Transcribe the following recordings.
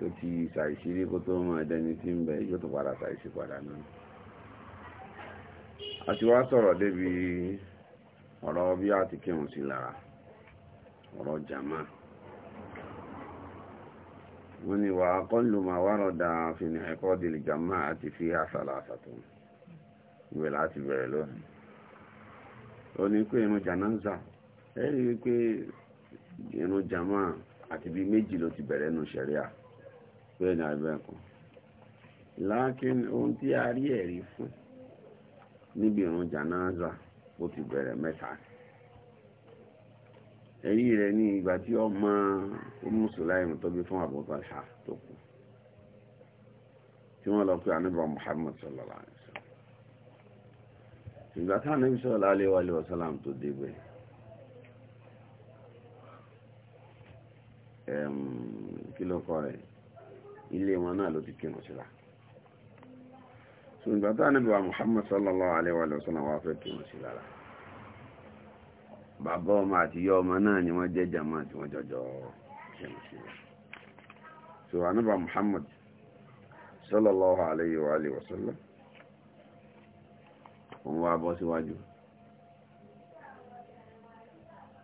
tó ti ṣàìṣírí kó tó máa dẹni tí ń bẹ yóò tó padà ṣàìṣí padà náà a ti wá sọ̀rọ̀ débi ọ̀rọ̀ bí a ti kírun sí lára ọ̀rọ̀ jama wọ́n ni wà kọ́lù ma wárọ̀ da fìní ẹ̀kọ́ dìlì jama àti fi àṣàlà àṣàtò ìwé láti bẹ̀rẹ̀ lónìí ó ní pé irun jànáńsà ẹ̀rí wípé irun jama àti bí méjì ló ti bẹ̀rẹ̀ nù sẹ̀ríà bẹ́ẹ̀ ni àbẹ́ẹ̀kọ́ lákín ohun tí a rí ẹ̀rí fún níbi ìrun jànáza ó ti bẹ̀rẹ̀ mẹ́ta ẹ̀rí rẹ̀ ní ìgbà tí ọmọ mùsùlùmí tó bí fún àbúkọ́ ṣá tó kù tí wọ́n lọ pé àníbà Muhammad sallallahu alaihi wasallam ìgbà táwọn ẹbí sallallahu alaihi wasallam tó débẹ̀ kí ló kọ́ rẹ̀ ilé wọn náà ló ti kírun síra ṣùgbọ́n ìgbà tó ànábì wa Muhammad sallallahu alaihi wa sallam wá fẹ́ kírun sí lára bàbá ọmọ àti yọ ọmọ náà ni wọ́n jẹ́ jàmọ́ àti wọ́n jọjọ kírun sí lára so ànábì Muhammad sallallahu alaihi wa sallam wọ́n wá bọ́ síwájú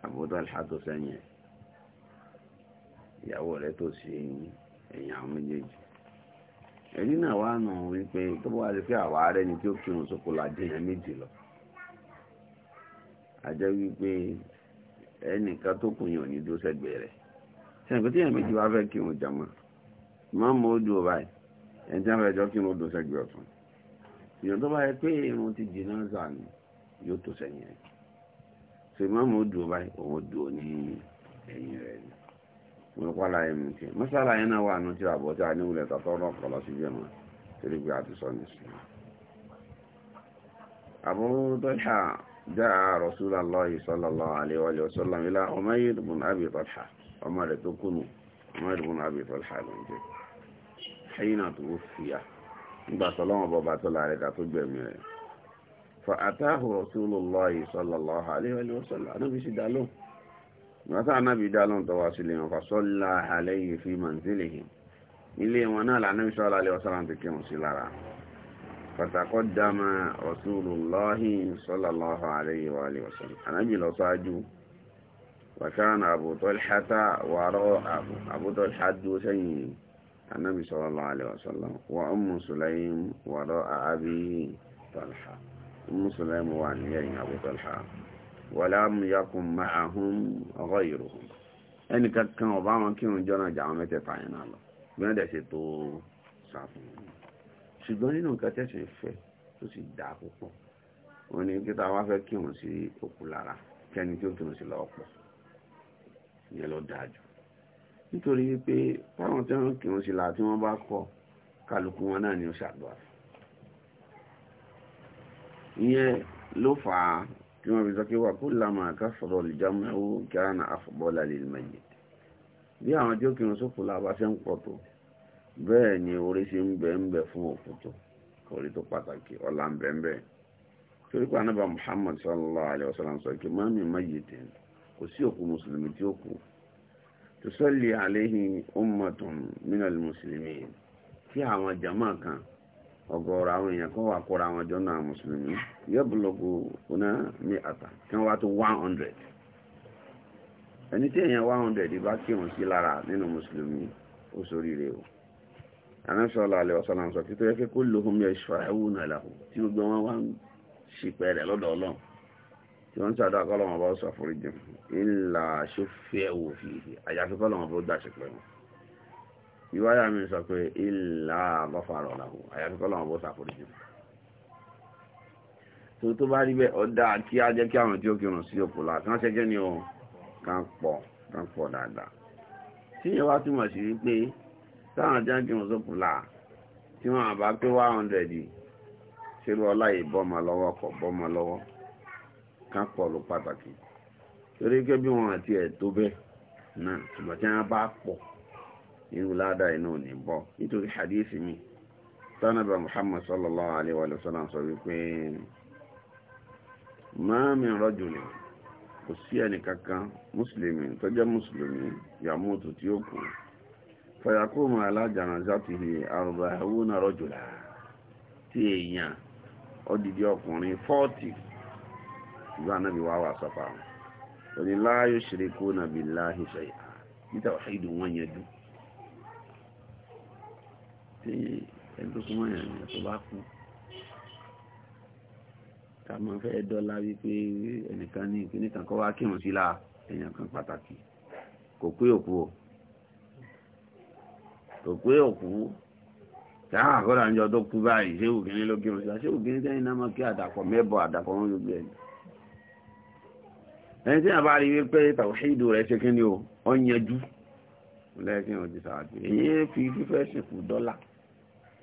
àbúdá alhàtò sẹ́yìn ìyàwó rẹ̀ tó sí yìí ẹ̀yìn méjèèjì ẹ̀rí náà wá awa wípé tó bá wà sí fi àwa rẹ̀ ni tí ó sóko yẹn méjì lọ àjẹ́ wípé ẹnìkan tó kù yàn ní dúró sẹ́gbẹ̀ẹ́ rẹ̀ sẹ́gbẹ̀ẹ́ tí yẹn méjì wá fẹ́ kírun jàmá máa mọ ó dúró báyìí ẹni tí wọ́n fẹ́ jọ kírun ó dúró sẹ́gbẹ̀ẹ́ ọ̀tún ìyàn tó bá yẹ pé irun ti jìnnà ni yóò tó olùkọ́lá ẹ̀mí tí mọ́sálà yẹn náà wà ní tí àbọ̀ tí a lọ a ti sọ ní sùn. Abu Talha jaa sallallahu alaihi wa sallam ila Umayr ibn na Talha tó bụ tó sallallahu alaihi wa sallam ìgbàtà anábì dá lóhùn tó wá sílé wọn fasọ́lá àlẹ́yìn fi manzilihi ilé wọn náà lànàbì sọ́lá alẹ́ ọ̀sán láti kírun sí lára pàtàkọ́ dáma rasulullahi sallallahu alayhi wa alihi wa sallam anábì lọ sáájú wàkán Abu Talhata wàrọ́ Abu Talha sẹ́yìn anábì sallallahu alayhi wa sallam wa Ummu wàrọ́ àbí Talha Ummu wà níyẹn Abu Talha wàlámù yakùn máàhùn ọ̀rọ̀ ìròhùn ẹnì kankan ọba wọn kí wọn jọ́nà jà wọn mẹ́tẹ̀ẹ̀ta yẹn náà lọ bí wọ́n dẹ̀ ṣe tó sàfún ṣùgbọ́n nínú nǹkan tẹ̀sán fẹ́ tó sì dáa púpọ̀ wọn ni kí táwa fẹ́ kí wọn sí òkú lára kẹ́ni tí ó kí wọn sí lọ́wọ́ pọ̀ ìyẹn ló dáa jù nítorí wípé táwọn tí wọn kí wọn sí lára tí bá kọ kálukú wọn náà ni ó ṣàdúrà ìyẹn ló fà á tí wọ́n fi sọ pé wà kó lámà kásọ̀rọ̀ ìjámẹ́wó kíánà àfọ̀bọ́lá lè mẹ́yẹ bí àwọn tí ó kírun sókù lába ṣe ń pọ̀ tó bẹ́ẹ̀ ni orí ṣe ń bẹ ń bẹ fún òkú tó orí tó pàtàkì ọ̀la ń bẹ ń bẹ torí pé anábà Muhammad sallallahu alayhi wa sallam sọ pé mami mayyitin kò sí òkú mùsùlùmí tí ó kù tusalli alayhi ummatun minal muslimin tí àwọn jama kan ọ̀gọ̀rọ̀ àwọn èèyàn kan wà kóra àwọn jọ náà mùsùlùmí yóò búlọ́gù ọ̀nà ní àtà kí wọ́n wá tó 100 ẹni tí èèyàn 100 bá kírun sí lára nínú mùsùlùmí ó sórí rẹ̀ o àmẹ́sọ̀lá alẹ́ ọ̀sán àwọn sọ̀kí tó yẹ kí kó ló fún mi ẹ̀ṣọ́ ẹ̀wù náà làkù tí gbogbo wọn wá ń ṣìpẹ̀ rẹ̀ lọ́dọ̀ ọlọ́run tí wọ́n ń sàdá kọ́lọ́mọ̀ bá sọ àforíjì ńlá ṣó fẹ́ wò fi àyàfi kọ́lọ́mọ̀ bó gbà ṣìpẹ̀ ìwáyà mi sọ pé ilà àbọ́fàrọ̀ làwọn àyàfi kọ́lọ̀ àwọn bọ́sà foríjì tó tó bá rí bẹ́ẹ̀ ọ̀dà kí á jẹ́ kí àwọn tí ó kírun sí òpó la kí wọ́n ṣe kí ni o kàn pọ̀ kàn pọ̀ dáadáa tí ìyẹn wá túmọ̀ sí wípé táwọn tí wọ́n kírun sópó la tí wọ́n bá pé one hundred ṣe lọ láyé bọ́mọ lọ́wọ́ kọ̀ bọ́mọ lọ́wọ́ kàn pọ̀ ló pàtàkì torí pé bí wọn àti ẹ̀ tó bẹ́ẹ̀ náà ṣùgbọ́n tí wọ́n bá pọ̀ irú ládà iná ò ní bọ́ nítorí hadithi mi tánàbà muhammad sallallahu alaihi wa sallam sọ wípé máa mi rọ́jùlẹ̀ kò sí ẹni kankan mùsùlùmí tó jẹ́ mùsùlùmí yàmútù tí ó kù fọyàkùnmọ̀ alájànàzátìhì arba'una rọ́jùlá tí èèyàn odidi ọkùnrin 40 ìgbà náàbí wà wà sọ́pàá òní la yushrikuna billahi shay'a nítawàá ìdùn wọn yẹn dùn tí ẹni tó súnmọ́ yàn ni tó bá kú ká mọ̀ fẹ́ dọ́là wípé ẹnìkan ní ìpínlẹ̀ kan kọ́ wá kírun sí la èèyàn kan pàtàkì kò pé òkú o kò pé òkú táà àkọ́dà ah, ń jọ tó kú báyìí ṣé ògìní ló kírun sí la ṣé ògìní tẹ́yìn náà máa kí àdàpọ̀ mẹ́bọ̀ àdàpọ̀ wọn ló gbé ẹni ẹni tí a bá rí wípé tàwíṣídò rẹ̀ ṣe kí ni o ọ̀yanjú lẹ́yìn tí wọ́n ti sàájú èyí fi fífẹ́ sìnkú dọ́là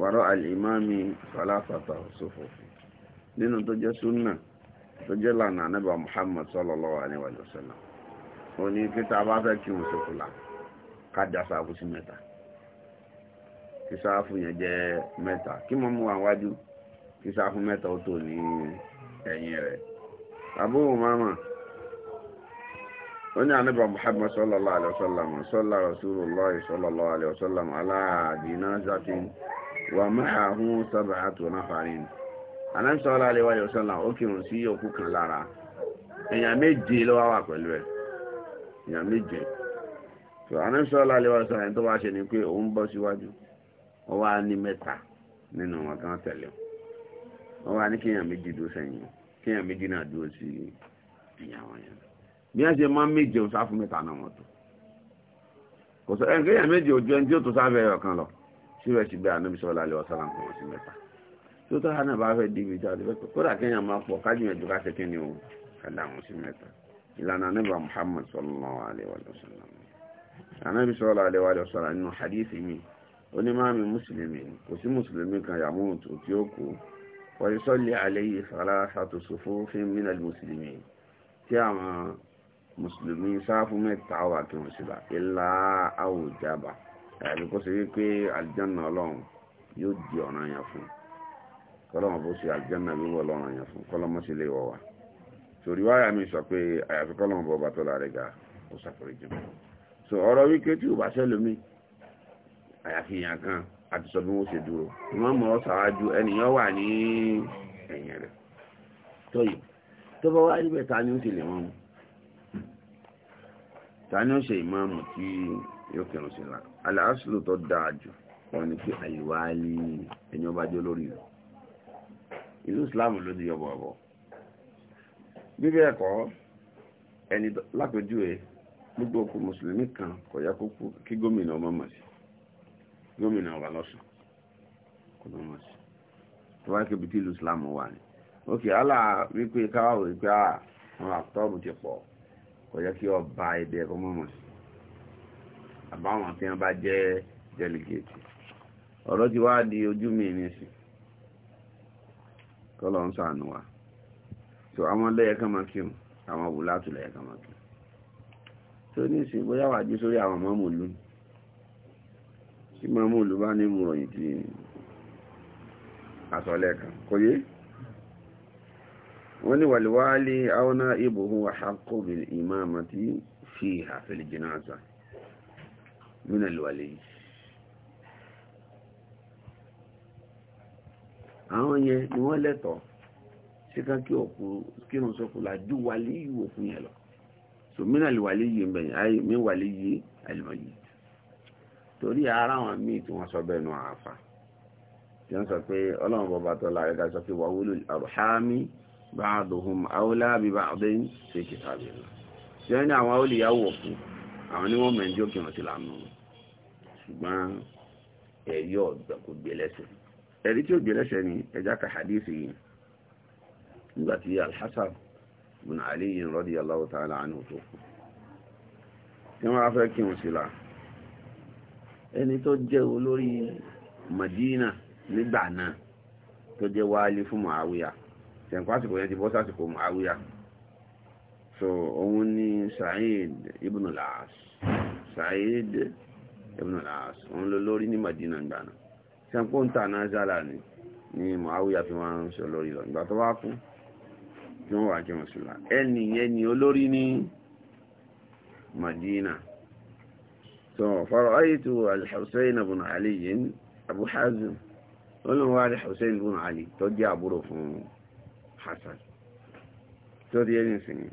wàrọ̀ alìmáàmì falafata sófò nínú tó jẹ́ súnà tó jẹ́ lànà anábà Muhammad sallallahu alaihi wa sallam ó ní kíta bá fẹ́ kí wọn sófò là kájà sáfù sí mẹ́ta kí sáfù yẹn jẹ́ mẹ́ta kí mọ́ mú àwájú kí sáfù mẹ́ta ó tò ní ẹ̀yìn àbúrò máma onye anaba muhammad sallallahu alaihi wasallam sallallahu alaihi wasallam ala wà máa hún sábà àtò náfààrí ni aláìsọ́lá aléwà yóò sọ́lá ó kírun sí òkú kan lára èèyàn méje ló wá wà pẹ̀lú ẹ̀ èèyàn méje tó aláìsọ́lá aléwà yóò sọ́lá ẹni tó wá ṣe ni pé òun bọ́ síwájú ó wá ní mẹ́ta nínú wọn kan tẹ̀lé ó wá ní kéèyàn méjì dúró sẹ́yìn kéèyàn méjì náà dúró sí èèyàn wọn yẹn bí wọ́n ṣe máa ń méje òun sáfún mẹ́ta náà wọ́n tó kò síbẹ̀síbẹ̀ ànábi sọ́lá àlẹ́ ọ̀sán kan wọ́n sí mẹ́ta tó tó hànà bá fẹ́ dìbì tí a ti fẹ́ pẹ́ kódà kéèyàn máa pọ̀ kájú ẹ̀dùn ká ṣe kíni o kàdà wọn sí mẹ́ta ìlànà ànábi Muhammad sallallahu alaihi wa sallam ànábi sọ́lá àlẹ́ wa sallam nínú hadith mi onímọ̀mí mùsùlùmí kò sí mùsùlùmí kan yàmúùtù tí ó kú wọ́n sọ́lé mùsùlùmí tí àwọn mùsùlùmí sáfù mẹ́ta àbí kó ṣe wípé àlìjánà ọlọ́run yóò di ọ̀ràn yẹn fún kọ́lọ́mọ bó ṣe àlìjánà wíwọ̀ ọlọ́run yẹn fún kọ́lọ́mọ sí lè wọ̀ wá torí wáyà mi sọ pé àyàfi kọ́lọ́mọ bọ̀ bàtọ́ la rẹ̀ ga ó ṣàforíjì mọ́ so ọ̀rọ̀ wíkẹ́ tí ò bá ṣẹ́ lómi àyàfi yàn kan àti sọ bí wọ́n ṣe dúró ìmọ̀ọ́mọ́ ṣáájú ẹnìyàn wà ní ẹ̀yìn rẹ̀ tọ́yì tó bá wá níbẹ̀ ta ni ó ti lè wọ́n mu ta ni ó ṣe ìmáàmù tí yóò kẹrùn sí la aláàṣìlò tó dáa jù wọ́n ní pé àìwáálí ẹni ọba jẹ́ lórí rẹ̀ ìlú islam ló di yọ̀bọ̀ ọ̀bọ̀ bíbẹ̀ ẹ̀kọ́ ẹni lápẹjúwe gbogbo òkú mùsùlùmí kan kò yá kó kú kí gómìnà ọmọ mọ̀ sí gómìnà ọba lọ́sùn kò ní mọ̀ sí tó wáyé kébi tí ìlú islam wà ní òkè alá wípé káwáwò wípé ah, àwọn àtọ́rù ti pọ̀ kò yẹ kí ọba èdè ẹ̀kọ́ mọ̀mọ̀ sí àbáwọn tí wọ́n bá jẹ́ delegate ọ̀rọ̀ ti wá di ojú mi ní sí kọ́lọ̀ ń sànù wa so àwọn lẹ́yẹ̀kan máa kí wọn àwọn wò látù lẹ́yẹ̀kan máa kí wọn tó ní ìsìn bóyá wà jí sórí àwọn mọ́mùlú tí mọ́mùlú bá ní mùròyìn tí àsọ̀lẹ̀ kan kò yé wọ́n ní wàlíwálé auna ibùhún àhàkó bil imamati fi àfẹ́lì jìnáza min alwali àwọn yẹn ni wọ́n lẹ́tọ̀ọ́ síká kí òkú kí wọ́n sọ fún lájú wálé yìí òkú yẹn lọ so min alwali yìí mbẹ̀yìn ayé min wàlí yìí alìmọ̀yì torí ara àwọn míì tí wọ́n sọ bẹ́ẹ̀ nù àáfà tí wọ́n sọ pé ọlọ́run bọ́ba tó láàrẹ́ká sọ pé wàhúlù àrùhámi ba'duhum awla bi ba'din fi kitabillah ṣe ní àwọn awliyawo fún àwọn ni wọ́n mẹ́jọ kí wọ́n ti lànà ṣùgbọ́n ẹ̀rí ọ̀gbẹ̀ kò gbẹ̀lẹ́sẹ̀ ẹ̀rí ni ẹjá ka hadithi yìí nígbàtí alhassan ali yìí radiyallahu ta'ala anhu tó kú la ṣẹ̀ǹkọ́ àsìkò yẹn ti bọ́ sásìkò Muawiya so òun ni Sa'id ibn al-As Sa'id ibn al-As òun ló lórí ní Madina gbàna ṣẹ̀ǹkọ́ ń tà náà zálà ni ni Muawiya fi wọ́n ń sọ lórí lọ ìgbà tó bá kú tí wọ́n wà jẹ́ mùsùlùmá ẹni yẹn olórí ní Madina so fara'aytu al Hussein ibn Ali Abu Hazim olùwárí Husayn ibn Ali tó jẹ́ àbúrò fún un hasan torí ẹni sinmi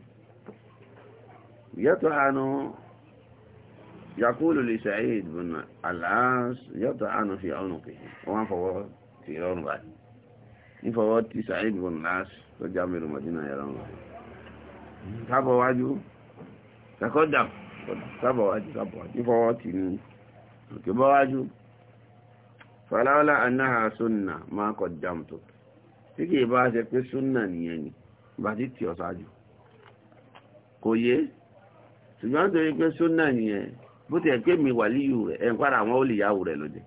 yàtọ̀ àánú yakúlù lè Sa'id bin al-As yàtọ̀ àánú fi ọrùn pè wọ́n fọwọ́ ti rọrùn báyìí ní fọwọ́ ti Sa'id bin al-As tó já mẹ́rù Madina yẹ̀rọ wọn tábọ̀ wájú takọ́dà tábọ̀ wájú tábọ̀ wájú ní fọwọ́ sunna ma qaddamtu tí kìí bá ṣe pé súnà nìyẹn ni bá ti tì ọ̀sájú kò yé ṣùgbọ́n nítorí pé súnà nìyẹn bó ti ẹ̀ pé mi wà líyù rẹ̀ ẹ̀ ń padà àwọn olùyàwó rẹ̀ lóde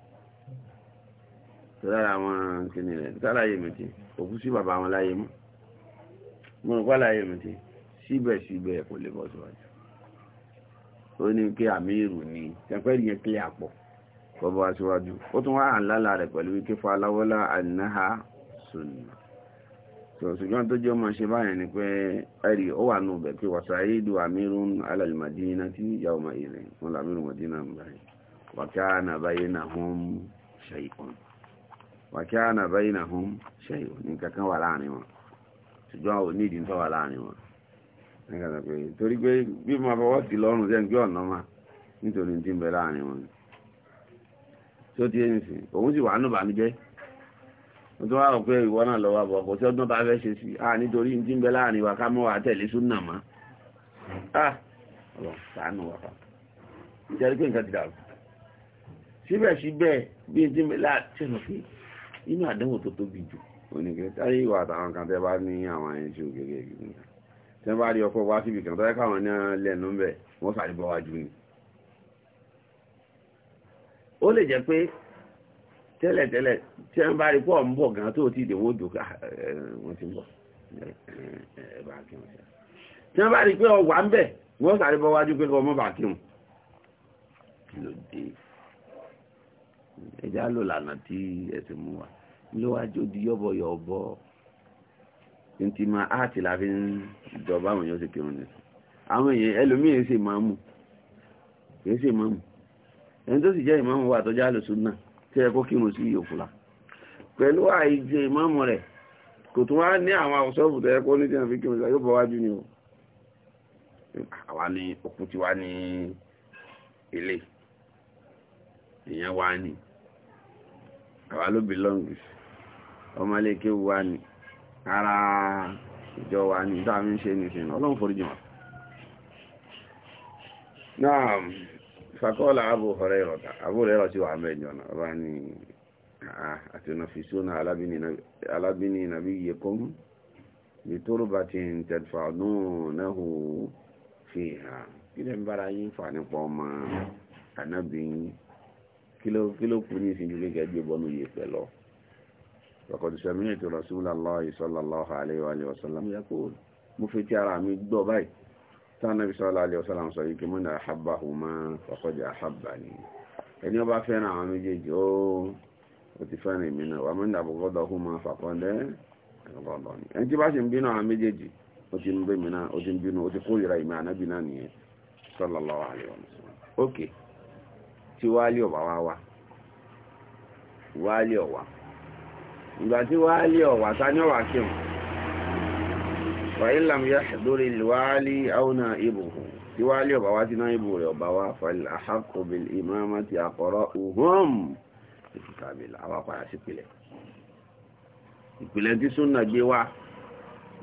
tó lára àwọn kìnìún rẹ̀ sálàyé mi ti òkú sí bàbá wọn láyé mọ́ mo rò pàlàyé mi ti síbẹ̀síbẹ̀ kò lè bọ́ síwájú ó ní kí àmì ìrù ni ṣẹpẹ́ yẹn kílẹ̀ àpọ̀ kọ́ bọ́ síwájú ó tún wá àǹlálà rẹ̀ pẹ̀lú wíkẹ́ fún aláwọ́lá àìnáhà sunna ṣùgbọ́n tó jẹ́ ọmọ ṣe báyẹn ni pé ẹ̀rì ó wà nù bẹ̀ pé wàsáyédù amírùn alàlìmàdínà tí yàwó ma ilẹ̀ wọn làmírùn màdínà báyìí wàkíánà báyìí na hún ṣẹ̀yìn wàkíánà báyìí na hún ṣẹ̀yìn nǹkan kan wà láàrin wọn ṣùgbọ́n ò ní ìdíntọ́ wà láàrin wọn torí pé bí mo fọwọ́ sí lọ́rùn jẹ́ gbé ọ̀nà mà nítorí ti ń bẹ láàrin wọn tó ti ẹni mo tún wá rò pé ìwọ náà lọ́wọ́ àbọ̀ kò sí ọdún tá fẹ́ ṣe sí i ah nítorí ní ti ń bẹ láàrin wa ká mọ́ wa tẹ̀lé súnà mọ́ ah ọ̀rọ̀ sàánù wa pa ìjẹ́rí pé nǹkan ti dàrú síbẹ̀síbẹ̀ bí n ti ń bẹ láàrin ṣẹlẹ̀ pé inú àdánwò tó tóbi jù oníkẹ́ táyé ìwà àtàwọn kan tẹ́ bá ní àwọn tí ni ó lè jẹ́ pé tẹ́lẹ̀tẹ́lẹ̀ tí wọ́n bá rí pọ̀ ń bọ̀ gan tó ti dèwọ́ òjò wọ́n ti ń bọ̀ tí wọ́n bá rí pé ọwà ah, eh, eh, eh, ń bẹ̀ wọ́n sáré bọ́ wájú pé ọmọ bà kírun lòdì ẹjá lò lànà tí ẹsẹ̀ mú wa lówájú di yọ́bọ̀ yọ̀bọ̀ ntí máa áàtì láfi ń jọba àwọn èèyàn ṣe kírun nìyẹn àwọn èèyàn ẹlòmíín ṣe máa mú ṣe máa ẹni tó sì jẹ́ ìmáàmù wa àtọ́jà lòsùn náà tí ẹ kó kírun sí yòókù la pẹ̀lú àìjẹ ìmáàmù rẹ̀ kò tún wá ní àwọn àwòsọ́ọ̀bù tó yẹ kó ní tíyàn fi kírun sí yóò wájú ni o àwa ni òkú ti wá ní ilé ìyẹn wá ní àwa ló bìlọ́ǹgì ọmọléke wá ní ara ìjọ wa ní dáa ń ṣe nìsín ọlọ́run foríjì wọn fakọ́lá Abu Hurairah Abu Hurairah ti wà mẹ́jọ náà bá ní àti ọ̀nà fìṣúná alábìnrin nàbí yẹkùn bí tóró bá ti ń tẹ̀fà náà fi hàn kí lẹ́ ń bára yín fà nípa ọmọ anábìnrin kí ló kú ní ìsinmi gẹ́gẹ́ bí bọ́nú yìí pẹ̀lọ́ وقد سمعت رسول الله صلى الله عليه وآله وسلم يقول mo fi ti tánàbí sallallahu alaihi wasallam sọ yìí kí mọ́nà ahabbahuma faqad ahabbani ẹni ọba fẹ́ràn àwọn méjèèjì ó ó ti fẹ́ràn èmi náà wà mọ́nà abghadahuma faqad ahabbani ẹni tí bá ṣe ń bínú àwọn méjèèjì ó ti ń bẹ́ mi náà ó ti ń bínú ó ti kórìíra ìmọ̀ ànábì náà nìyẹn sallallahu alaihi wasallam ókè tí wálé ọ̀wá wá wá wálé ọ̀wá ìgbà tí wálé ọ̀wá ta ni ọ̀wá kírun fàílàm yá lórí ìwáálí áwọnà ibùhù tí wáálí ọ̀bá wá tí náà ibù rẹ̀ ọ̀bá wá fàílì àhàkùnbìl ìmáàmá ti àkọ̀rọ̀ uhum ìfìkàbìlà àwọn apàyà sí ìpìlẹ̀ ìpìlẹ̀ tí súnà gbé wá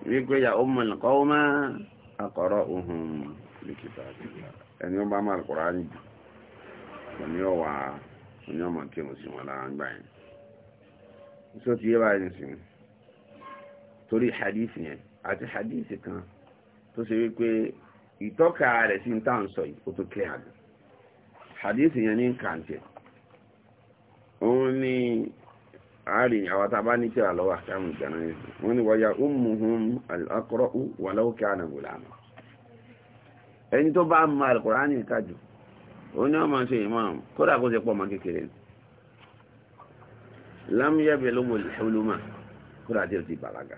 wípé ya ummul qawma àkọ̀rọ̀ uhum ìfìkàbìlà ẹni ó bá má àkọ̀rọ̀ á nìjú òní ọ̀wà òní ọmọ kírun sí wọn lára ń gbà yẹn tó ti yé báyìí nìsín torí hadith yẹn àti hadith kan tó ṣe wípé ìtọ́ka rẹ̀ sí ń tàn sọ ó tó clear àgbà hadith yẹn ní kàǹtẹ̀ òun ni àárín àwọn tàbá ní kíra lọ́wọ́ àkàmù ìjànà ẹ̀sìn wọ́n ni wọ́ya ummuhum al-aqra'u walau kana gulama ẹni tó bá mọ al-Qur'ani ìtajù ó ní ọmọ ṣe kódà kó ṣe pọ̀ kékeré lam ya al-huluma kódà tí ó ti bàlágà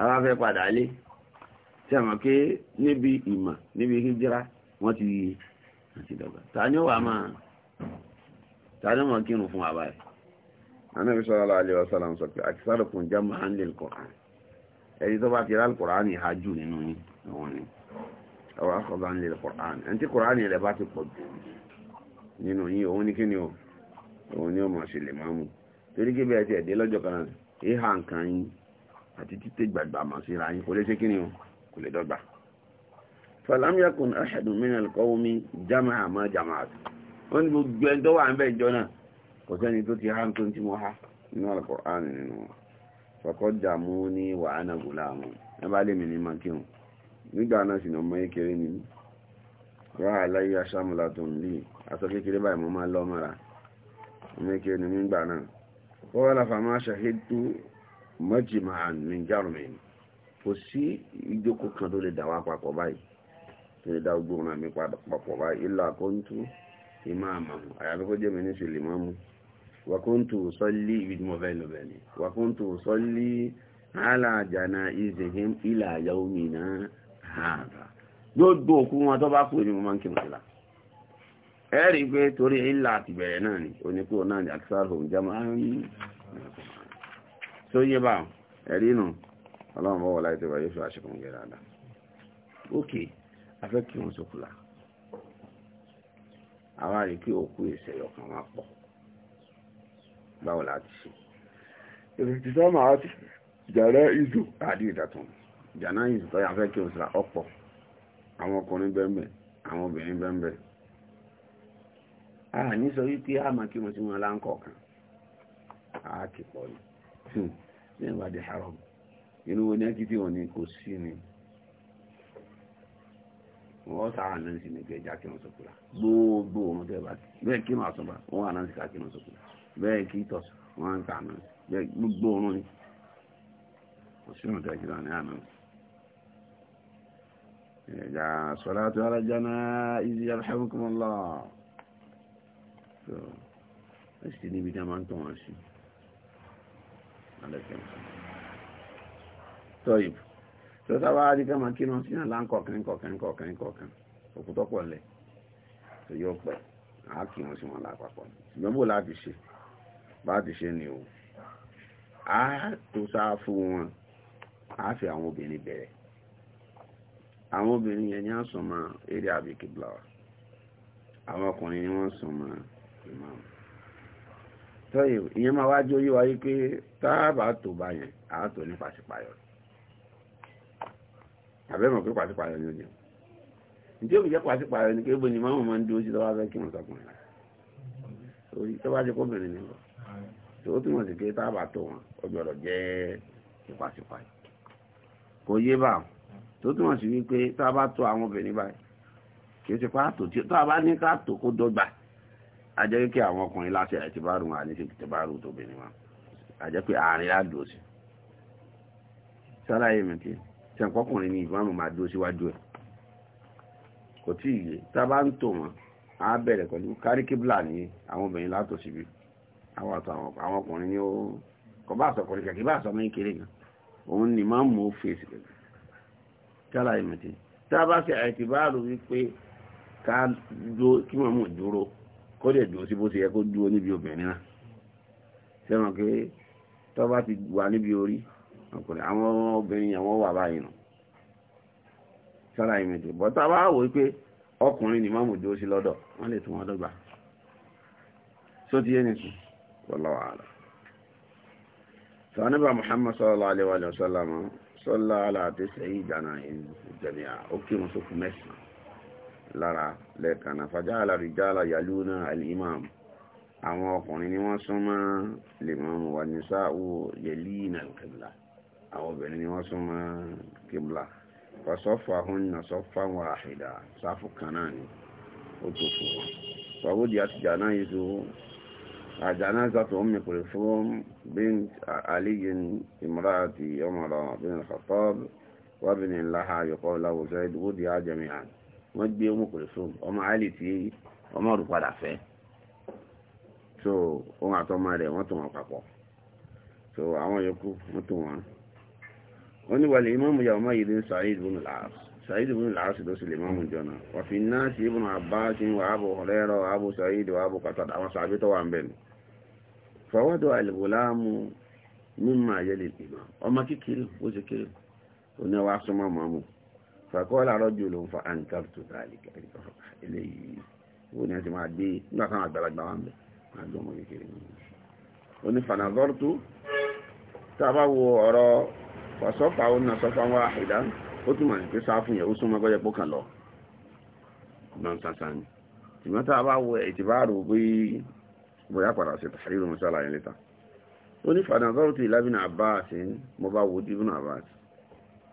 àwọn afẹ́ padà lé tí a mọ̀ pé níbi ìmọ̀ níbi hijira wọ́n ti àti dọ̀gba ta ni ó wà máa ta ni ó mọ̀ kírun fún àbá rẹ̀ anábi sallallahu alaihi wasallam sọ pé aksarukum jam'an lil Qur'an ẹni tó bá kiri al-Qur'an ní hajjú nínú yín àwọn ni àwọn akọ̀bá lil Qur'an ẹni tí Qur'an rẹ̀ bá ti pọ̀ jù nínú yín òun ní kíni o òun ni ó mọ̀ sí lè máa mú torí kí bẹ́ẹ̀ ti ẹ̀dẹ́ lọ́jọ́ kan ìhà nǹkan yín àti títẹ̀ gbàgbà mọ̀ síra yín kò lè ṣe kíni o kò lè dọ́gba. falam yakun ahadun minal qawmi jama'a ma jama'a àti wọ́n ní gbogbo ẹni tó wà ń bẹ̀ ìjọ náà kò sẹ́ni tó ti há tó ti mọ́ há nínú al-Qur'an nínú wọn fọkọ́ dààmú ní wàhánà gùlà àwọn ẹ bá lè mí ní makíhùn nígbà náà sì ní ọmọ kékeré ni mí wá aláyé aṣámúlá tó ń lè aṣọ kékeré báyìí mo máa lọ́ mọ́ra ọmọ kékeré ni mí nígbà náà wọ́n wá láfa máa ṣàhédú mọ́jìmọ̀ àmìjárùmín kò sí ìjókòó kan tó lè dà wá papọ̀ báyìí tó lè dá gbogbo ọ̀nà mi papọ̀ báyìí ilà kóńtù ìmáàmà àyàfi kó jẹ́ mi ní ṣèlè máa mú wàkóńtù sọ́lí ibi tí mo fẹ́ lọ ni wàkóńtù sọ́lí alájàna ìzèhìn ilà àyàwó mi náà hàdà gbogbo òkú wọn tó bá kú ni mo máa ń kí wọn sílá ẹ̀rí pé torí ilà àtìbẹ̀rẹ̀ náà ni oníkó náà ni àkísàrò tó yé bá ẹ̀rí nù ọlọ́run bọ́ wọlá ìtẹ́wà yóò fi àṣekùn gẹ̀ dáadáa ókè afẹ́ kí wọ́n sókùlà àwa rí kí òkú ìṣẹ̀yọ kan wá pọ̀ báwo láti ṣe ìrètí tó máa ti jàrá ìzù àdí ìdàtún jàná ìzù tó yà fẹ́ kí wọ́n sra ọ̀pọ̀ àwọn ọkùnrin bẹ́ẹ̀ àwọn obìnrin bẹ́ẹ̀ a sọ wípé a kí wọ́n sí wọn láńkọ̀ọ̀kan a kì pọ̀ ni Hmm. ní ìbàdí haram inú wo ní akitì wọn ni kò sí ni wọ́n sá ànánsì ní kẹjá kí wọ́n sọkúra gbogbo wọn tẹ́ bá bẹ́ẹ̀ kí wọ́n àsọba wọ́n ànánsì ká kí wọ́n sọkúra bẹ́ẹ̀ kí tọ̀sù wọ́n ń ta ànánsì bẹ́ẹ̀ gbogbo wọn ni kò sí wọn tẹ́jú náà ní ànánsì. ẹ̀já sọ́lá tó ara jáná ìdí alhamdulilayi ẹ̀ níbi tí a wọ́n sí tọ́yìn tó sábà á di ká máa kírun sí náà láńkọ̀kan kọ̀kan kọ̀kan kọ̀kan òkútọ́ pọ̀ lẹ̀ tó yọ pẹ̀ á kírun sí wọn lápapọ̀ ṣùgbọ́n bó láti ṣe bá ti ṣe ni o á tó sáà fún wọn á fi àwọn obìnrin bẹ̀rẹ̀ àwọn obìnrin yẹn ni a sọ máa eré àbíkí bláwà àwọn ọkùnrin ni wọ́n sọ máa ìmáàmù tọ́yìn ìyẹn máa wájú oyé wáyé pé táàbà tó bá yẹn àátò ní pàṣípàyọ̀ àbẹ́mọ̀ pé pàṣípàyọ̀ ni ó jẹun ní tí ó fi jẹ́ pàṣípàyọ̀ ni pé bó ni máwọn máa ń dúró sí lọ́wọ́ fẹ́ kí wọ́n sọkùnrin rẹ̀ tó bá ni wọ́n tó ó túmọ̀ sí pé táàbà tó wọn ó gbọ́dọ̀ jẹ́ ìpàṣípàyọ̀ kò yé bá wọn tó túmọ̀ sí wípé táàbà tó àwọn obìnrin báyìí kì í ṣe ní ká tó kó dọ́gba ajẹ́ kí àwọn ọkùnrin láti ẹ̀tìbárù wọn àní sí ẹ̀tìbárù tó bẹ̀rẹ̀ wọn ajẹ́ pé àárín ládùú sí sálàyé mi tí ṣẹ̀kọ́kùnrin ni ìbámu máa dúró síwájú ẹ̀ kò tí ì tá bá ń tò wọn á bẹ̀rẹ̀ pẹ̀lú káríkíbìlà ní àwọn obìnrin látò síbi àwọn ọkùnrin ni ó kò bá sọ ọkùnrin kẹ̀kẹ́ bá sọ mí kéré gan òun ni máa ń mú fèsì kẹ̀kẹ́ sálàyé mi tí tá a bá ṣe ẹ̀tìbárù wípé ká dúró kí wọ́n mú dúró kó dẹ̀ dúró sí bó ṣe yẹ kó dúró níbi obìnrin náà sẹ́wọ̀n pé tó bá ti wà níbi orí ọkùnrin àwọn obìnrin yẹn wọ́n wà báyìí nù sára ìmìtì bọ́tà bá wò pé ọkùnrin ni mọ́mù dúró sí lọ́dọ̀ wọ́n lè tún wọn dọ́gba só ti yé nìkan wọ́lọ́wọ́ àlọ́ sọ́nàbà Muhammad sallallahu alaihi wa sallam sallallahu alaihi wa sallam sallallahu alaihi wa sallam lára lẹ́ẹ̀kanà fàjá àlàrìjálà yàlúnà al'imam àwọn ọkùnrin ni wọ́n súnmọ́ limamu wà ní sáàwò yẹlíìnà kìbla àwọn obìnrin ni wọ́n súnmọ́ kìbla fàṣọ́fà hún na sọ́fà wà àhìdà sáfù kan náà ni ó tó fún wọn fàwọ́dì àti jàná yìí جنازة أم كلثوم بنت علي امرأة عمر بن الخطاب وابن لها يقال له زيد وديا جميعا wọ́n gbé ọmọ kòrìsùn ọmọ alì tí ọmọ rù padà fẹ́ so ohun àtọmọ rẹ̀ wọ́n tó wọn papọ̀ so àwọn yòókù wọ́n tó wọn wọ́n ní wàlẹ̀ imáàmù yà ọmọ yìí ní Sa'id ibn al-As Sa'id ibn al-As ló sì lè máàmù jọna wà fi náà sí ibùn Abbas wà Abu Hurairah wà Abu Sa'id wà Abu Qatada àwọn sàbí tó wà ń bẹ̀rù fọwọ́dọ̀ al fàkọ́lá rọ́jò ló ń fa àǹkàtò tààlìkà eléyìí ó ní àti máa dé nígbà táwọn àgbàlagbà wà ń bẹ máa gbọ́ ọmọ kékeré ní ó ní fanazọ́rtú tá a bá wo ọ̀rọ̀ fàṣọ́fà ó na sọ́fà wá ìdá ó túmọ̀ ní pé sáfù yẹn ó súnmọ́ gọ́jẹ́ pọ́ kàn lọ nọ́nsánsán ni ṣùgbọ́n tá wo ètì bá rò pé bóyá padà sí tàrí rò mọ́sálà yẹn níta ó ní fanazọ́rtú ìlàbínà àbáàsì mo bá wo dìbínà àbáàsì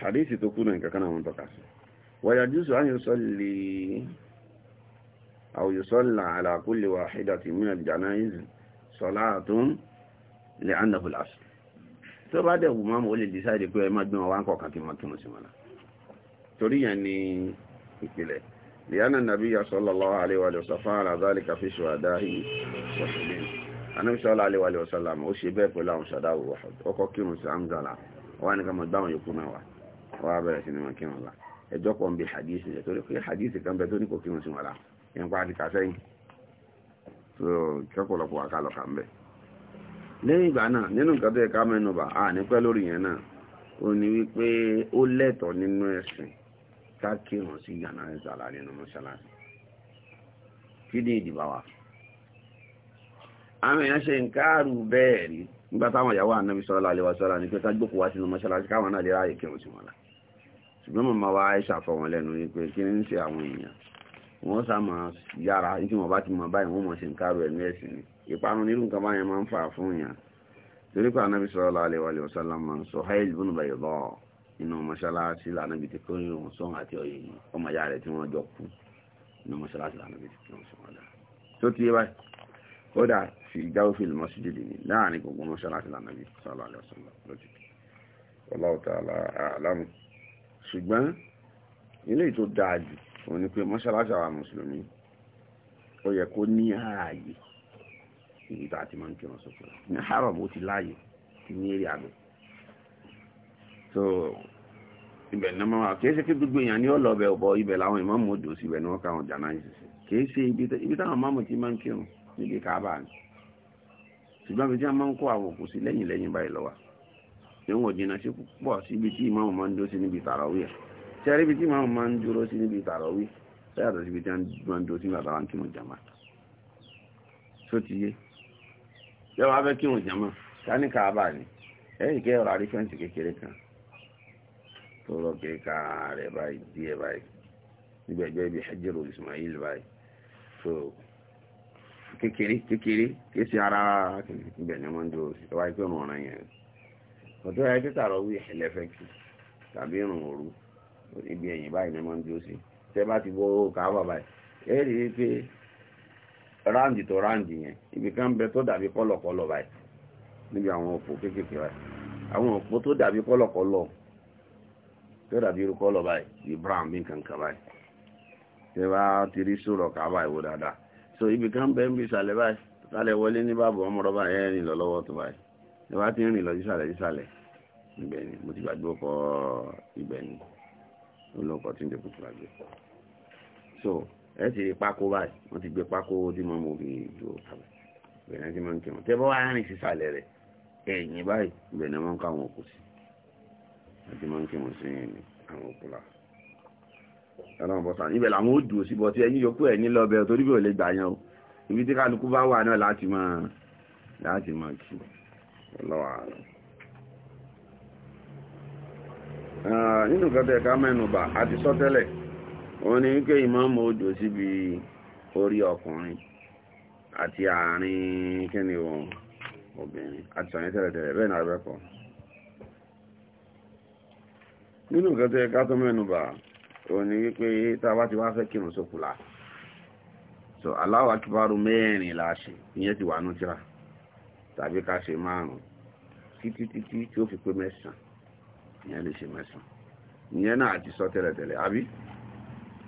hadisi tó kú náà nǹkan kan náà wọ́n tọ́ka sí wàyàjúsù an yusalli aw yusalla ala kulli wahidatin min al-janaiz salatun li'annahu al-asl tó bá dẹ̀ wù máa mọ̀ lè decide pé ẹ má wá ń kọ̀ọ̀kan kí wọ́n kí sí wọn torí yẹn ni ìpìlẹ̀ لأن النبي صلى الله عليه وآله وسلم فعل ذلك في شهداء وحدين النبي صلى الله عليه وآله وسلم وشبه كلهم شهداء وحد وكوكيم سعمزلا وأنا كما دام يكون واحد wọ́n á bẹ̀rẹ̀ sí ni wọ́n kí wọn la ẹjọ́ pọ̀ ń bi hadith yẹn torí pé hadith kan bẹ tó ní kò kí wọn sí wọn la yẹn pa àti kàsẹ́yìn tó tọ́pọ̀lọpọ̀ wà ká lọ kà ń bẹ̀. lẹ́yìn ìgbà náà nínú nǹkan tó yẹ ká mẹ́nu bà á ní pẹ́ lórí yẹn náà ó ní wípé ó lẹ́tọ̀ọ́ nínú ẹ̀sìn ká kírun sí yàrá ìzàlá nínú mọ́ṣáláṣí kí ni ìdìbà wà àwọn èèyàn ṣe nkáàrù bẹ́ẹ̀ rí nígbà táwọn ìyàwó ànábi sọ́lá àlewà sọ́lá ní pé ká gbókùwá sínú mọ́ṣáláṣí káwọn náà lè ráyè kírun sí wọn lá ṣùgbọ́n màmá wa Aisha fọ wọn lẹ́nu ní pé kí ní ṣe àwọn èèyàn wọ́n sá máa yára tí wọ́n bá ti mọ báyìí wọ́n mọ̀ ṣe ń kárò ẹ̀mí ẹ̀sìn ni ìparun nínú nǹkan báyẹn máa ń fà fún yàn torí pé anábì sallallahu alaihi wa sallam máa ń sọ Suhail ibn Bayda inú mọ́ṣáláṣí lànàbì ti kó yìí wọn sọ́hún àti ọ̀yẹ̀ yìí ọmọ ìyá rẹ̀ tí wọ́n ni láàrin gbogbo mọ́ṣáláṣí lànàbì sallallahu alaihi wa ṣùgbọ́n ilé tó dáa jù òun ni pé mọ́ṣáláṣí àwa mùsùlùmí ó yẹ kó ní ààyè ibi tá a ti máa ń kírun sókè ní haram ó ti láàyè ní eré àgbè so ibẹ̀ ní ọmọ wa kìí ṣe kí gbogbo èèyàn ní ọ̀lọ́ ọbẹ̀ ọ̀bọ̀ ibẹ̀ làwọn ìmáàmù odò sí ibẹ̀ ní wọ́n káwọn jà náà ṣiṣẹ́ kìí ṣe ibi táwọn máàmù ti máa ń kírun níbi káàbà ṣùgbọ́n ibi tí wọ́n máa ń kó àwọn òkú sí lẹ́yìn lẹ́yìn báyìí lọ́wọ́ tí wọ́n jìnà sí púpọ̀ síbi tí ìmáàmù máa ń dó sí níbi tàràwí ẹ̀ tí a rí ibi tí ìmáàmù máa ń dúró sí níbi tàràwí sáyàtọ̀ síbi tí wọ́n ń dó sí bàbá wa ń kírun jàmá tó ti yé yọ wá kírun jàmá ká ní ẹ̀yìn kẹ́ ọ̀rọ̀ àrífẹ́ǹsì kékeré kan tó lọ kí ká rẹ̀ báyìí díẹ̀ báyìí níbi ẹ̀jọ́ ibi Hajarul Ismail báyìí so kékeré kékeré kí sí ara ibẹ̀ ni wọ́n ń dúró sí wáyé pé ọ̀nà ọ̀ràn yẹn ọ̀tọ́ ẹ̀ títà rọ wí ẹlẹ́fẹ̀kì tàbí ìrùn òru ibi ẹ̀yìn báyìí ni wọ́n ti ó ṣe tẹ́ bá ti wọ káàbà báyìí ẹ rí i pé ráǹdì tó ráǹdì yẹn ibì kan bẹ tó dàbí kọ́lọ̀kọ́lọ̀ báyìí níbi àwọn òpó kéékèèké báyìí àwọn òpó tó dàbí kọ́lọ̀kọ́lọ̀ tó dàbí irú kọ́lọ̀ báyìí ibrahim bí nǹkan kan báyìí tẹ́ bá ti rí sọ̀rọ̀ káàbà ìwò dáadáa so ibì kan bẹ ń bí ìsàlẹ̀ báyìí sálẹ̀ wọlé ní báàbò ọmọ rọ́bà ẹ̀rín lọ́lọ́wọ́ tó báyìí ẹ wá ti ń rìn lọ sísàlẹ̀ sísàlẹ̀ ibẹ̀ ni mo ti gbàgbé ọkọ̀ ibẹ̀ ni olóńkọ̀ tí ń dẹ̀kùn ti gbàgbé so ẹ ti rí pákó báyìí wọ́n ti gbé pákó tí mo mọ̀ fi ju ọ̀tàbẹ̀ ibẹ̀ ni ti máa ń kírun tẹ́ bọ́ wá rìn sísàlẹ̀ rẹ̀ ẹ̀yìn báyìí ibẹ̀ ni wọ́n ń ká àwọn òkú sí wọ́n ti máa ń kírun sí àwọn òkú la ọlọ́run bọ́ta ibẹ̀ làwọn ó dùn sí tí ẹ̀yìn yòókù ẹ̀yìn lọ́bẹ̀ torí bí ò lè gbà yẹn o ibi tí kálukú bá wà náà láti máa láti máa kí i. Ah, nínú kẹtẹ ká mẹ́nubà àti sọ́tẹ́lẹ̀ wọ́n ní wípé ìmọ́mọ̀ odò síbi orí ọkùnrin àti àárín kíni wọn obìnrin àti sọ̀yìn tẹ́lẹ̀tẹ́lẹ̀ bẹ́ẹ̀ náà rẹ́kọ̀ọ́ nínú kẹtẹ ká tó mẹ́nubà wọ́n ní wípé tàbá ti wá fẹ́ kírun so Allahu akbaru tàbí ká ṣe márùn-ún títí títí tí ó fi pé mẹ́sàn ìyẹn lè ṣe mẹ́sàn ìyẹn náà àti sọ tẹ́lẹ̀tẹ́lẹ̀ àbí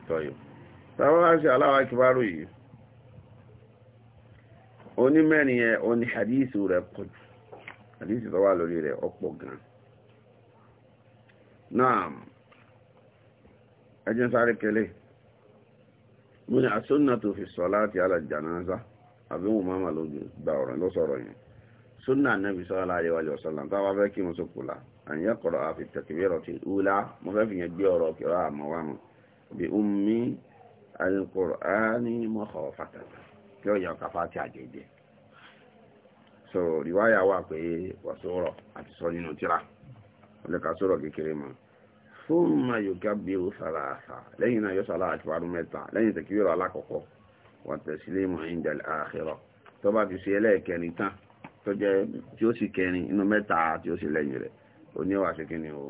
tọ́yọ̀ táwọn wá sí aláwọ̀ yìí onímẹ́rin yẹn oní hadith rẹ̀ pọ̀ jù hadith tó lórí rẹ̀ ọ̀pọ̀ gan náà ẹjẹ́ sáré kẹlẹ̀ mo ní fi àbí wọn súnà nàbì sallallahu alaihi wa sallam tó wá fẹ́ kí wọn sókò la àyẹ́ kọ̀rọ̀ àfi takbirati ula mo fẹ́ fi yẹn gbé ọ̀rọ̀ kìrọ̀ àmọ́wánu bí ummi al-Qur'ani makhafatan kí ó yẹ ọ̀ka fàtí àjẹjẹ so riwaya wà pé wà sọ̀rọ̀ àti sọ nínú tíra ọlẹ́ka sọ̀rọ̀ kékeré mọ́ fún mayuka bí ó sàlàsà lẹ́yìn náà yóò sàlà àti wàrú mẹ́ta lẹ́yìn taslimu inda al-akhirah tó bá ti ṣe ẹlẹ́ẹ̀kẹrin tán tó jẹ́ tí ó sì kẹrin inú mẹ́ta tí ó sì lẹ́yìn rẹ̀ oníwà sí kí ni o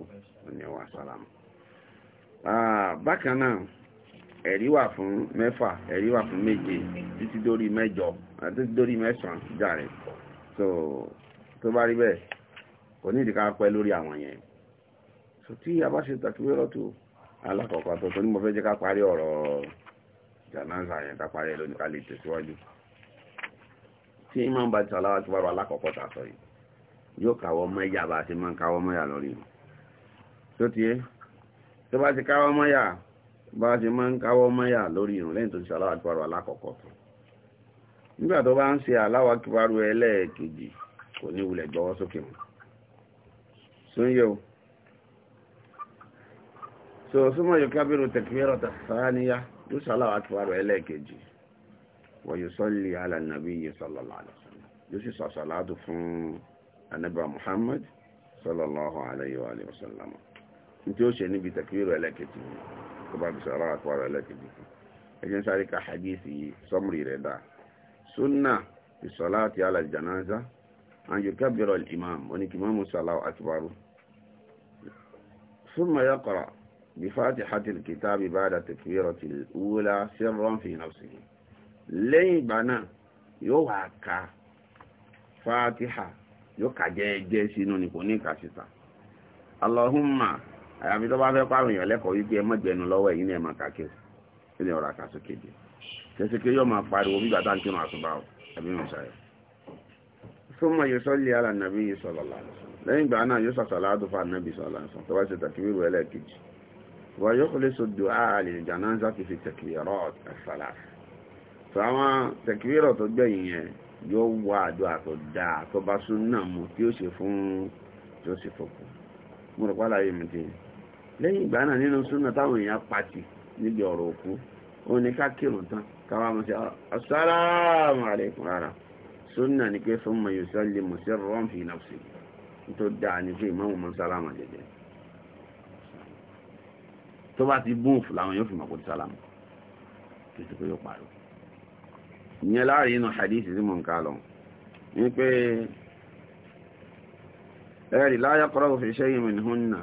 oníwà sálámù bákan náà ẹ̀rí wà fún mẹ́fà ẹ̀rí wà fún méje títí dórí mẹ́jọ títí dórí mẹ́sàn-án jàre so tó bá rí bẹ́ẹ̀ kò ní ìdíkà pẹ́ lórí àwọn yẹn so tí a bá ṣe tàkìwé lọ́tò alákọ̀ọ́kọ́ tó tó ní mo fẹ́ jẹ́ ká parí ọ̀rọ̀ jàǹdà yẹn ká parí ẹ̀ lónìí ká lè tẹ̀síwájú. tí imam bá ti sàláwà tí alákọ̀ọ́kọ́ sọ yìí yóò bá ti máa kàwọ́ mẹ́yà lórí wọn tó ti yé tó bá ti kàwọ́ mẹ́yà bá ti máa ń kàwọ́ mẹ́yà lórí wọn lẹ́yìn tó ti sàláwà tí alákọ̀ọ́kọ́ tó nígbà tó bá ń ṣe aláwa kíbaru ẹlẹ́ẹ̀kejì kò ní wulẹ̀ gbọ́wọ́ sókè sóyè o so súnmọ́ yóò kábírù tẹ̀kíwẹ́rọ̀ tẹ̀sániyá yóò ويصلي على النبي صلى الله عليه وسلم يسيس صلاة فن النبي محمد صلى الله عليه وآله وسلم انت يوشي نبي تكبير ولكتي طبعا بشارات ولكتي لكن ذلك حديثي صمري ردا سنة في الصلاة على الجنازة أن يكبر الإمام وأنك إمام صلاة أكبر ثم يقرأ بفاتحة الكتاب بعد التكبيرة الأولى سرا في نفسه lẹ́yìn ìgbà náà yóò wà ká fatiha yóò kà jẹ́ẹ́jẹ́ sínú ní ní ìkà síta àyàfi tó bá fẹ́ pàrọ̀ èèyàn lẹ́kọ̀ọ́ wípé ẹ mọ̀jẹ̀nu lọ́wọ́ ẹ̀yìn kàkẹ́ ní ọ̀rọ̀ kéde yóò máa pariwo bí bàtà ń máa tún ọ àbí mi sàyọ. súnmọ́ yóò sọ́lé ala nàbí yìí sọ̀rọ̀ lánàá lẹ́yìn ìgbà náà yóò sàṣàlá àdúfà nàbí tó bá ṣe wà yóò sọ àwọn tẹkíwérọ̀ tó gbẹ̀yìn yẹn yóò wá àjọ àtọ̀dá tó bá sún náà mú tí ó ṣe fún tí ó ṣe fọkù mo rò pálá yìí mi ti lẹ́yìn ìgbà náà nínú súnà táwọn èèyàn pàtì níbi ọ̀rọ̀ òkú ó ní ká kírun tán káwá mo ṣe assalamu alaikum rárá súnà ni pé fún mayò sálẹ mo ṣe rọm fi nafsi tó dáa ni pé ìmọ̀ mo sálámà jẹjẹ tó bá ti bùn fún làwọn yóò fi mọ̀ kó ti sálámà kí tó yóò pariwo ìyẹn láàrin inú hadith tí mo ń ká lọ ní pé ẹ̀rì láyá kọ́rọ̀ fi ṣe ìmìn húnnà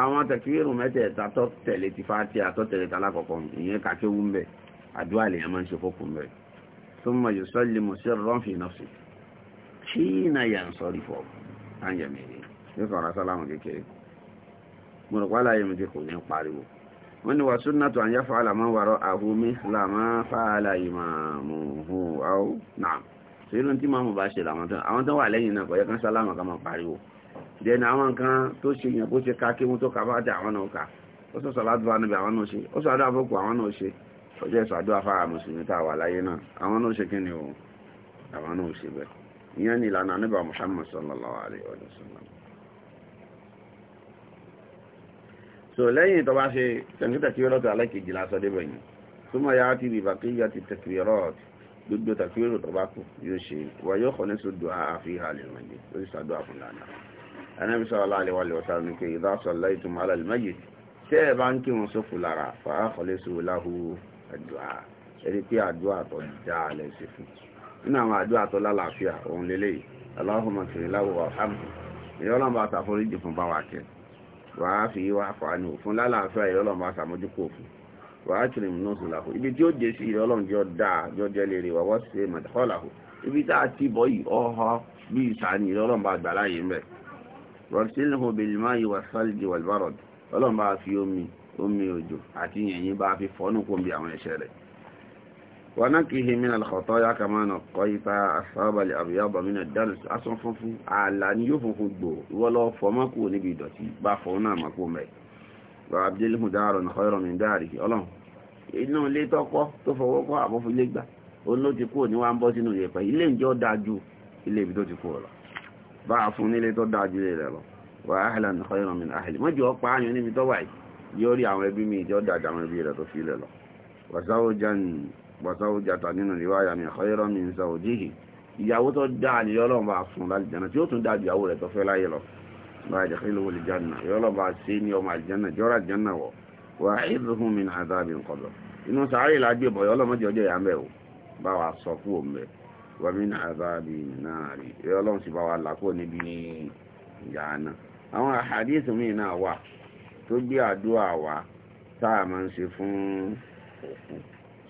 àwọn tẹ̀kírù mẹ́tẹ̀ẹ̀ta tó tẹ̀lé ti fàtí àtọ́ tẹ̀lé talákọ̀ọ́kọ́ ìyẹn kàkéwú ń bẹ̀ àdúrà lè yẹn máa ń ṣe fókù ń bẹ̀ tó mọ̀ yóò sọ́ lè mọ̀ sí rọ́ǹfì nọ́ọ̀sì kí iná yà ń sọ́rí fọ́ àyẹ̀mẹ̀rẹ̀ ní sọ̀rọ̀ sálámù kékeré mo rò pálá yẹn mi ti kò ní pariwo wọ́n ni wà sunnatu an yaf'ala man wara'ahu mithla ma fa'ala imamuhu áwọ́ náà so irú tí máa mú bá ṣe làwọn tán àwọn tán wà lẹ́yìn náà kọ̀yẹ́ kan sálámà kan máa pariwo dẹni àwọn nǹkan tó ṣe yàn bó ṣe ká kí wọ́n tó ká bá dé àwọn náà ká ó sọ sọ̀lá dùn ànúbì àwọn náà ṣe ó sọ àdúrà fọ́kù àwọn náà ṣe ọjọ́ ìsọ àdúrà fára mùsùlùmí tá o àwọn náà ṣe bẹ́ẹ̀ ni ìlànà ànúbì Muhammad sallallahu alaihi wa sallam so lẹ́yìn tó bá ṣe tẹ̀kítà kí rọ́tù alákejì lásán débẹ̀ yìí súnmọ́ ya ti rí bàkíyà ti tẹ̀kì rọ́ọ̀tù gbogbo tàkírò tó bá kù yóò ṣe wà yóò kọ́ ní sódò àfihàn lè rìn jẹ́ lórí sàdúrà fún lánàá ẹnẹ́bí sọ́rọ̀ láàrin wà lè wọ́ta ní pé ìdásọ̀ lẹ́yìn alal mayyit tẹ́ ẹ bá ń kí wọn sófù lára fàákọ̀lẹ́ wà hàmù wàá fi wá fàánù fún lálàáfíà ìrọ̀lọ́run bá sàmójúkò fún wàá tìrìm náà sùn làkó ibi tí ó jẹ sí ìrọ̀lọ́run jọ dáa jọ jẹ lèrè wàá wọ́n ṣe màdàkọ́ làkó ibi tá a ti bọ̀ yìí ọ̀họ́ bí ìsàní ìrọ̀lọ́run bá gbà láàyè mẹ́ rọ̀sílẹ̀hó bèlìmá yìí wà sálìdì wàlbárọ̀d ọlọ́run bá fi omi omi òjò àti yẹ̀yìn bá fi fọ́nù kó bí àwọn ẹ̀ṣẹ̀ rẹ̀ ونكه من الخطايا كما نقيت أصحاب الأبيض من الدرس أصلا فنفو على أن يفنفو ولا فمكو نبي دوتي بافونا مكو مي وعبدله دار خير من داره الله inú ilé tọ́kọ́ tó fọwọ́ kọ́ àkọ́fọ́ ilé gbà òun ló ti kúrò ní wá ń bọ́ sínú ìyẹ̀pẹ̀ ilé ìjọ dájú ilé ibi tó ti kúrò lọ bá a fún nílé tó dájú ilé rẹ̀ lọ wà áhìlà nìkan ìràn mi áhìlì mọ́jọ́ ọ̀pá ayọ̀ níbi tó wà yìí àwọn ẹbí mi wàzáwójátà nínú ríwáyà mi khayran min zawjihi ìyàwó tó dáa ní Ọlọ́run bá fún lálìjánà tí ó tún dáa ju ìyàwó rẹ̀ tó fẹ́ láyé lọ bá yadkhiluhu al-janna Ọlọ́run bá sí ní ọmọ àlìjánà jọ́rọ̀ àlìjánà wọ̀ wà áìdùhù min adhabin qabr inú sàárè lágbé bọ̀ Ọlọ́run má jẹ́ ọjọ́ ìyá mẹ́ o bá wa sọ kú òmẹ́ wà min adhabin nari náà wà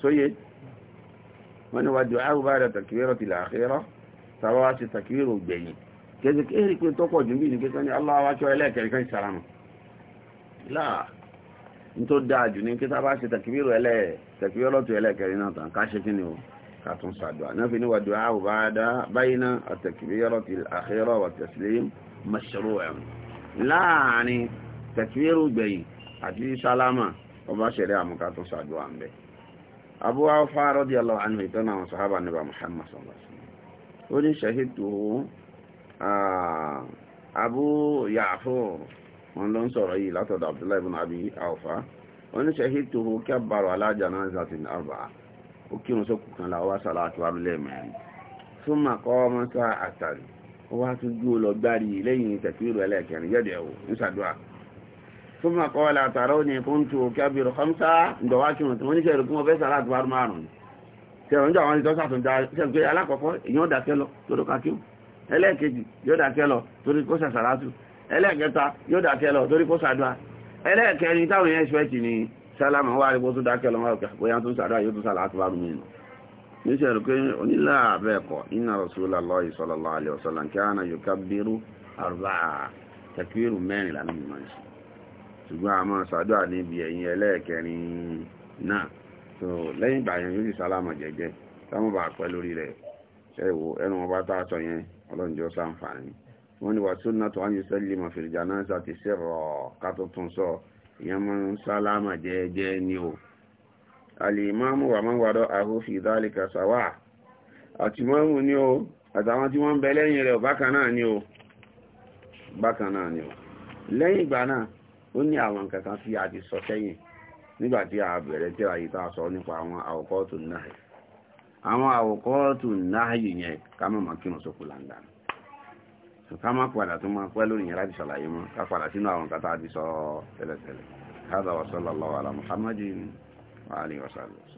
tó wọ́n ní wájú àrùbá rẹ̀ tàkìrọ̀ ti làákẹ́rọ̀ tàbá wá sí tàkìrọ̀ gbẹ̀yìn kẹsì kéèrè pé tọ́pọ̀ jù bí ní pé sọ́ni aláwáṣọ́ ẹlẹ́ẹ̀kẹ́rì kan ìsàlámù láà ní tó dáa jù ní kíta bá ṣe tàkìrọ̀ ẹlẹ́ẹ̀kẹ́rọ̀ tó ẹlẹ́ẹ̀kẹ́rì náà tàn ká ṣe kí ni o ká tún ṣàdùà náà fi abu awfa radiyallahu anhu ìtọ́nà àwọn sahaba níbà muhammad sallallahu alaihi wasallam ó ní ṣahidtu abu ya'fur wọn ló ń sọ̀rọ̀ yìí látọ̀dọ̀ abdullahi ibn abi awfa ó ní ṣahidtu kabbara ala janazatin arba'a ó kírun sókù kan láwọ́ sàlá àti wàá lé mẹ́rin thumma qama ثم قال أتروني كنت كبير خمسة ندواكي وانتموني كيرو كما في صلاة بار مارون سيرون جاواني توسع تنجا سيرون كي علاقة قوي يون داكيلو تورو كاكيو ẹlẹ́ẹ̀kejì yóò dákẹ́lọ torí kó sàṣàlátù ẹlẹ́ẹ̀kẹta yóò dákẹ́lọ torí kó sàdúà ẹlẹ́ẹ̀kẹrin táwọn yẹn ṣẹ́ẹ̀tì ni sálámà wà rí bó tó dákẹ́lọ wọn ọ̀kẹ́ bóyá tó sàdúà yóò tó sàlátù wà rú mìíràn níṣẹ́ rẹ̀ pé onílà abẹ́ẹ̀kọ́ iná Rasulullahi sallallahu alaihi wasallam kana yukabbiru arba'a takbiru mẹ́rin lànà ìmọ̀ ìṣẹ́ ṣùgbọ́n a máa ṣàdúrà níbi ẹ̀yìn ẹlẹ́ẹ̀kẹrin náà so lẹ́yìn ìgbà yẹn yóò sì sálámà jẹ́jẹ́ sáwọn bá pẹ́ lórí rẹ̀ ẹ wo ẹnu wọn bá tá a sọ yẹn ọlọ́njọ́ sáǹfààní wọ́n ní wà sunnatu an yusallima fil janazati sirra ká tó tún sọ ìyẹn máa ń sálámà jẹ́jẹ́ ni o al-imamu wa man wara'ahu fi dhalika sawa àtìmọ́mù ni o àtàwọn tí wọ́n ń bẹ lẹ́yìn ìgbà náà ó ní àwọn a ti sọ sẹ́yìn nígbà tí a bẹ̀rẹ̀ tí a sọ nípa àwọn àwòkọ́ọ̀tù náà àwọn àwòkọ́ọ̀tù náà yìí yẹn ká mọ̀ mọ́ kírun sókù láńdà ká má padà tó máa pẹ́ láti a ti sọ tẹ́lẹ̀tẹ́lẹ̀